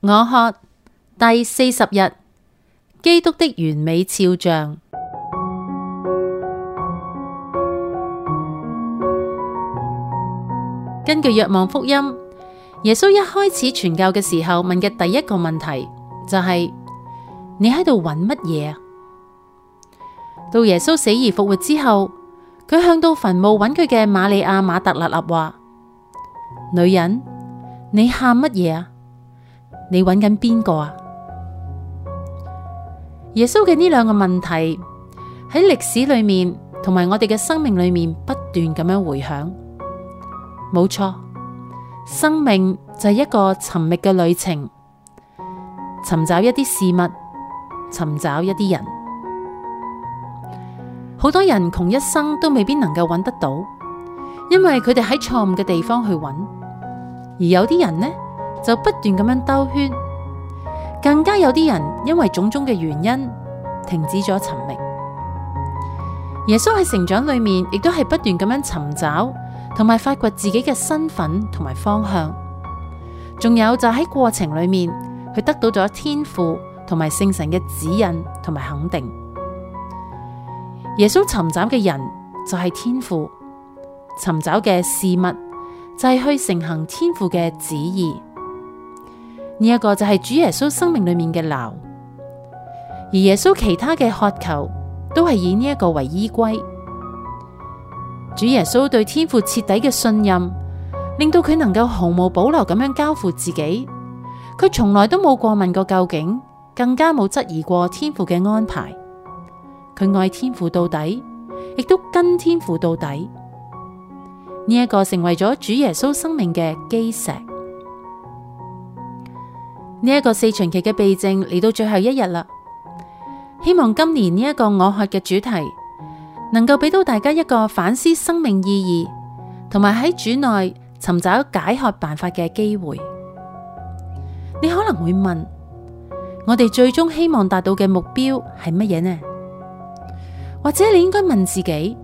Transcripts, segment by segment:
我渴第四十日，基督的完美肖像。根據《若望福音》，耶穌一開始傳教嘅時候問嘅第一個問題就係、是：你喺度揾乜嘢？到耶穌死而復活之後，佢向到墳墓揾佢嘅瑪利亞瑪達肋納話：女人，你喊乜嘢啊？你揾緊邊個啊？耶穌嘅呢兩個問題喺歷史裏面，同埋我哋嘅生命裏面不斷咁樣迴響。冇錯，生命就係一個尋覓嘅旅程，尋找一啲事物，尋找一啲人。好多人窮一生都未必能夠揾得到，因為佢哋喺錯誤嘅地方去揾。而有啲人呢？就不斷咁樣兜圈，更加有啲人因為種種嘅原因停止咗尋覓。耶穌喺成長裏面亦都係不斷咁樣尋找，同埋發掘自己嘅身份同埋方向。仲有就喺過程裏面佢得到咗天父同埋聖神嘅指引同埋肯定。耶穌尋找嘅人就係天父，尋找嘅事物就係去承行天父嘅旨意。呢一個就係主耶穌生命裏面嘅錨，而耶穌其他嘅渴求都係以呢一個為依歸。主耶穌對天父徹底嘅信任，令到佢能夠毫無保留咁樣交付自己。佢從來都冇過問過究竟，更加冇質疑過天父嘅安排。佢愛天父到底，亦都跟天父到底。呢一個成為咗主耶穌生命嘅基石。呢一個四旬期嘅避靜嚟到最後一日啦，希望今年呢一個我渴嘅主題，能夠俾到大家一個反思生命意義，同埋喺主內尋找解渴辦法嘅機會。你可能會問，我哋最終希望達到嘅目標係乜嘢呢？或者你應該問自己，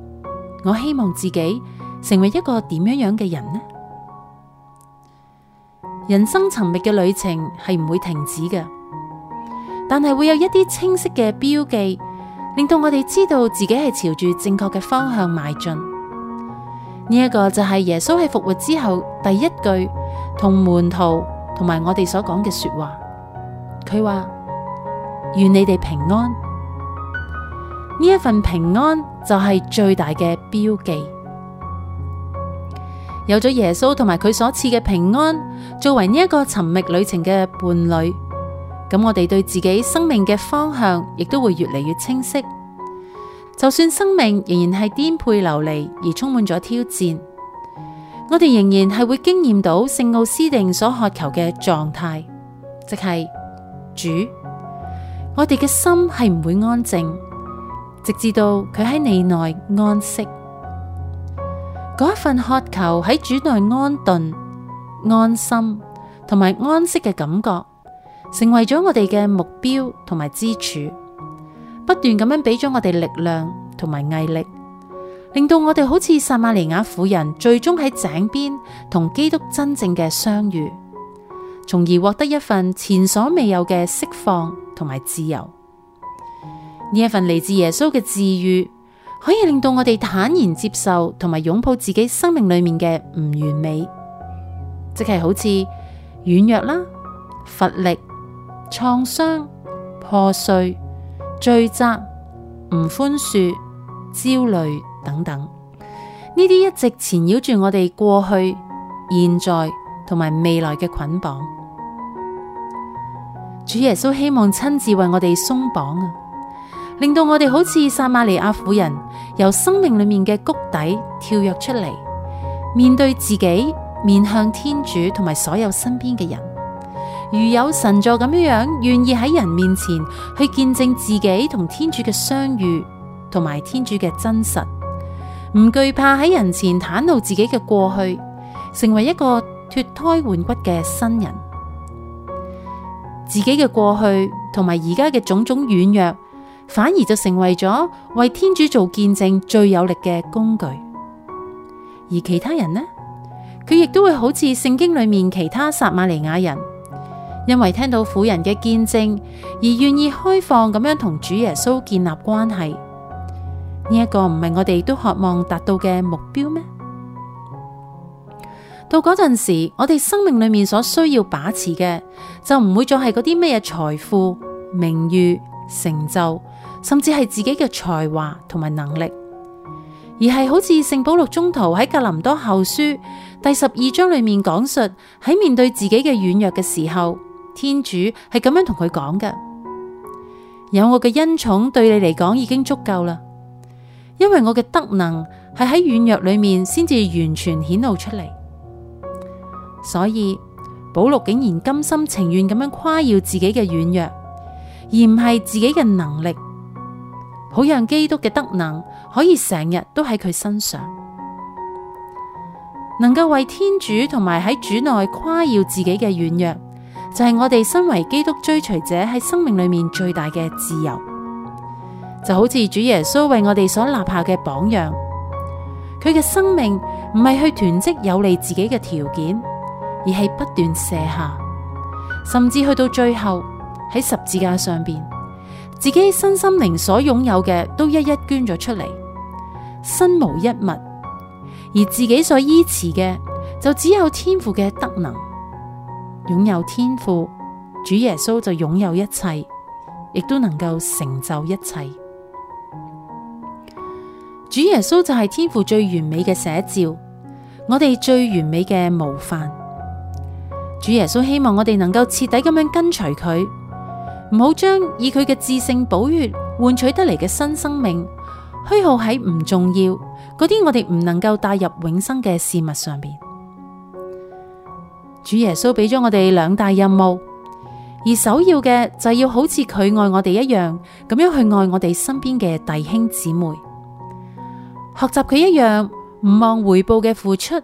我希望自己成為一個點樣樣嘅人呢？人生尋覓嘅旅程係唔會停止嘅，但係會有一啲清晰嘅標記，令到我哋知道自己係朝住正確嘅方向邁進。呢一個就係耶穌喺復活之後第一句同門徒同埋我哋所講嘅說話。佢話：願你哋平安。呢一份平安就係最大嘅標記。有咗耶穌同埋佢所賜嘅平安，作為呢一個尋覓旅程嘅伴侶，咁我哋對自己生命嘅方向，亦都會越嚟越清晰。就算生命仍然係顛沛流離而充滿咗挑戰，我哋仍然係會經驗到聖奧斯定所渴求嘅狀態，即係主，我哋嘅心係唔會安靜，直至到佢喺你內安息。嗰一份渴求喺主內安頓、安心同埋安息嘅感覺，成為咗我哋嘅目標同埋支柱，不斷咁樣俾咗我哋力量同埋毅力，令到我哋好似撒瑪黎雅婦人，最終喺井邊同基督真正嘅相遇，從而獲得一份前所未有嘅釋放同埋自由。呢一份嚟自耶穌嘅治愈。可以令到我哋坦然接受同埋擁抱自己生命裏面嘅唔完美，即係好似軟弱啦、乏力、創傷、破碎、罪責、唔寬恕、焦慮等等，呢啲一直纏繞住我哋過去、現在同埋未來嘅捆綁。主耶穌希望親自為我哋鬆綁啊！令到我哋好似撒瑪黎雅婦人，由生命裏面嘅谷底跳躍出嚟，面對自己，面向天主同埋所有身邊嘅人，如有神助咁樣樣，願意喺人面前去見證自己同天主嘅相遇，同埋天主嘅真實，唔懼怕喺人前袒露自己嘅過去，成為一個脱胎換骨嘅新人，自己嘅過去同埋而家嘅種種軟弱。反而就成為咗為天主做見證最有力嘅工具，而其他人呢？佢亦都會好似聖經裏面其他撒瑪黎雅人，因為聽到婦人嘅見證而願意開放咁樣同主耶穌建立關係。呢、這、一個唔係我哋都渴望達到嘅目標咩？到嗰陣時，我哋生命裏面所需要把持嘅，就唔會再係嗰啲咩財富、名譽。成就，甚至係自己嘅才華同埋能力，而係好似聖保祿宗徒喺格林多後書第十二章裏面講述，喺面對自己嘅軟弱嘅時候，天主係咁樣同佢講嘅：有我嘅恩寵對你嚟講已經足夠啦，因為我嘅德能係喺軟弱裏面先至完全顯露出嚟。所以保祿竟然甘心情願咁樣誇耀自己嘅軟弱。而唔係自己嘅能力，好讓基督嘅德能可以成日都喺佢身上。能夠為天主同埋喺主內誇耀自己嘅軟弱，就係、是、我哋身為基督追隨者喺生命裏面最大嘅自由。就好似主耶穌為我哋所立下嘅榜樣，佢嘅生命唔係去囤積有利自己嘅條件，而係不斷卸下，甚至去到最後。喺十字架上邊，自己身心靈所擁有嘅都一一捐咗出嚟，身無一物；而自己所依恃嘅就只有天父嘅德能。擁有天父，主耶穌就擁有一切，亦都能夠成就一切。主耶穌就係天父最完美嘅寫照，我哋最完美嘅模範。主耶穌希望我哋能夠徹底咁樣跟隨佢。唔好將以佢嘅至聖寶血換取得嚟嘅新生命虛耗喺唔重要嗰啲，我哋唔能夠帶入永生嘅事物上邊。主耶穌俾咗我哋兩大任務，而首要嘅就係要好似佢愛我哋一樣，咁樣去愛我哋身邊嘅弟兄姊妹，學習佢一樣唔望回報嘅付出，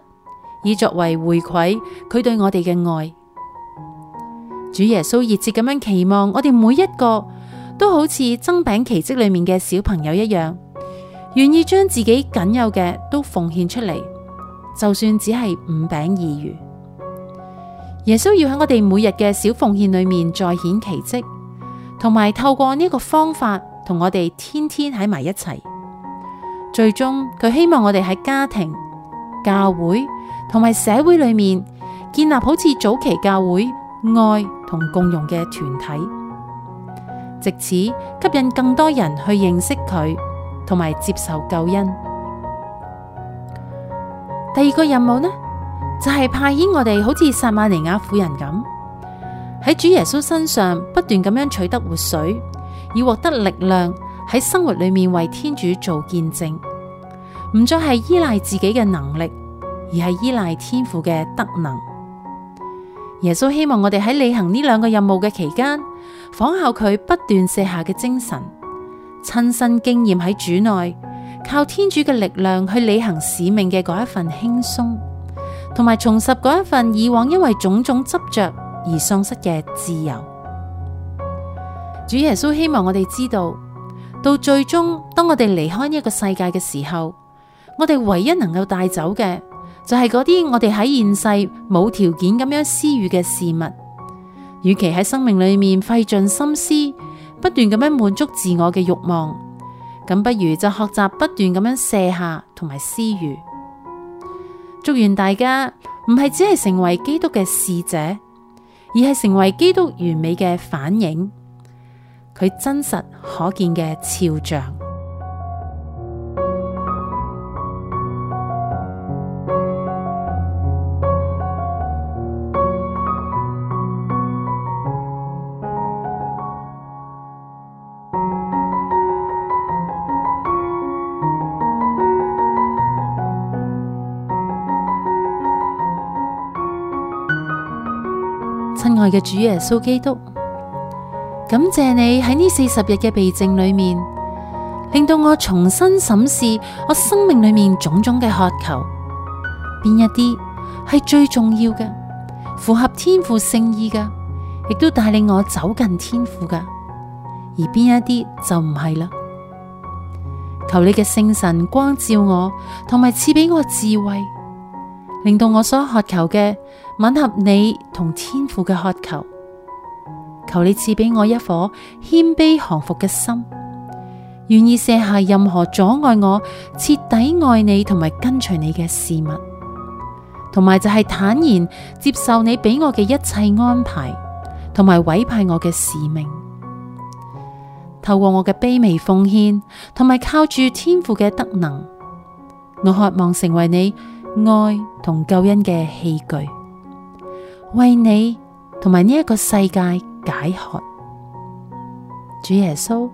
以作為回饋佢對我哋嘅愛。主耶穌熱切咁樣期望我哋每一個都好似增餅奇蹟裏面嘅小朋友一樣，願意將自己僅有嘅都奉獻出嚟，就算只係五餅二魚。耶穌要喺我哋每日嘅小奉獻裏面再顯奇蹟，同埋透過呢個方法同我哋天天喺埋一齊。最終佢希望我哋喺家庭、教會同埋社會裏面建立好似早期教會愛同共用嘅團體，藉此吸引更多人去認識佢，同埋接受救恩。第二個任務呢，就係派遣我哋好似撒瑪黎雅婦人咁，喺主耶穌身上不斷咁樣取得活水，以獲得力量喺生活裏面為天主做見證，唔再係依賴自己嘅能力，而係依賴天父嘅德能。耶穌希望我哋喺履行呢兩個任務嘅期間，仿效佢不斷卸下嘅精神，親身經驗喺主內，靠天主嘅力量去履行使命嘅嗰一份輕鬆，同埋重拾嗰一份以往因為種種執着而喪失嘅自由。主耶穌希望我哋知道，到最終當我哋離開呢個世界嘅時候，我哋唯一能夠帶走嘅，就係嗰啲我哋喺現世冇條件咁樣施與嘅事物，與其喺生命裏面費盡心思，不斷咁樣滿足自我嘅慾望，咁不如就學習不斷咁樣卸下同埋施與。祝願大家唔係只係成為基督嘅使者，而係成為基督完美嘅反映，佢真實可見嘅肖像。愛嘅主耶穌基督，感謝你喺呢四十日嘅避靜裏面，令到我重新審視我生命裏面種種嘅渴求，邊一啲係最重要嘅，符合天父聖意嘅，亦都帶領我走近天父嘅，而邊一啲就唔係啦。求你嘅聖神光照我，同埋賜俾我智慧。令到我所渴求嘅吻合你同天父嘅渴求。求你賜俾我一顆謙卑降服嘅心，願意卸下任何阻礙我徹底愛你同埋跟隨你嘅事物，同埋就係坦然接受你俾我嘅一切安排，同埋委派我嘅使命。透過我嘅卑微奉獻，同埋靠住天父嘅德能，我渴望成為你愛同救恩嘅器具，為你同埋呢一個世界解渴。主耶穌，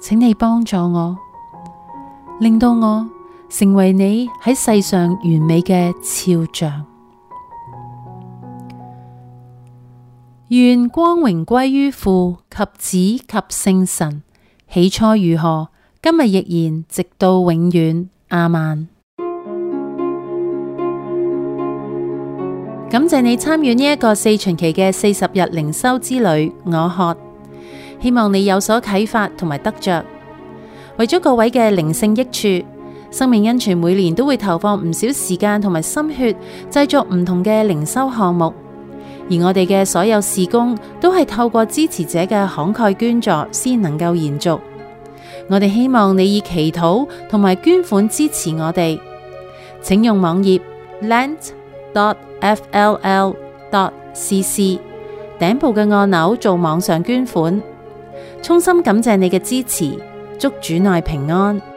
請你幫助我，令到我成為你喺世上完美嘅肖像。願光榮歸於父及子及聖神，起初如何，今日亦然，直到永遠。阿曼。感謝你參與呢一個四旬期嘅四十日靈修之旅，我渴，希望你有所啟發同埋得着。為咗各位嘅靈性益處，生命恩泉每年都會投放唔少時間同埋心血，製作唔同嘅靈修項目。而我哋嘅所有事工都係透過支持者嘅慷慨捐助先能夠延續。我哋希望你以祈禱同埋捐款支持我哋，請用網頁 Lent。dot f l l dot c c，頂部嘅按鈕做網上捐款。衷心感謝你嘅支持，祝主內平安。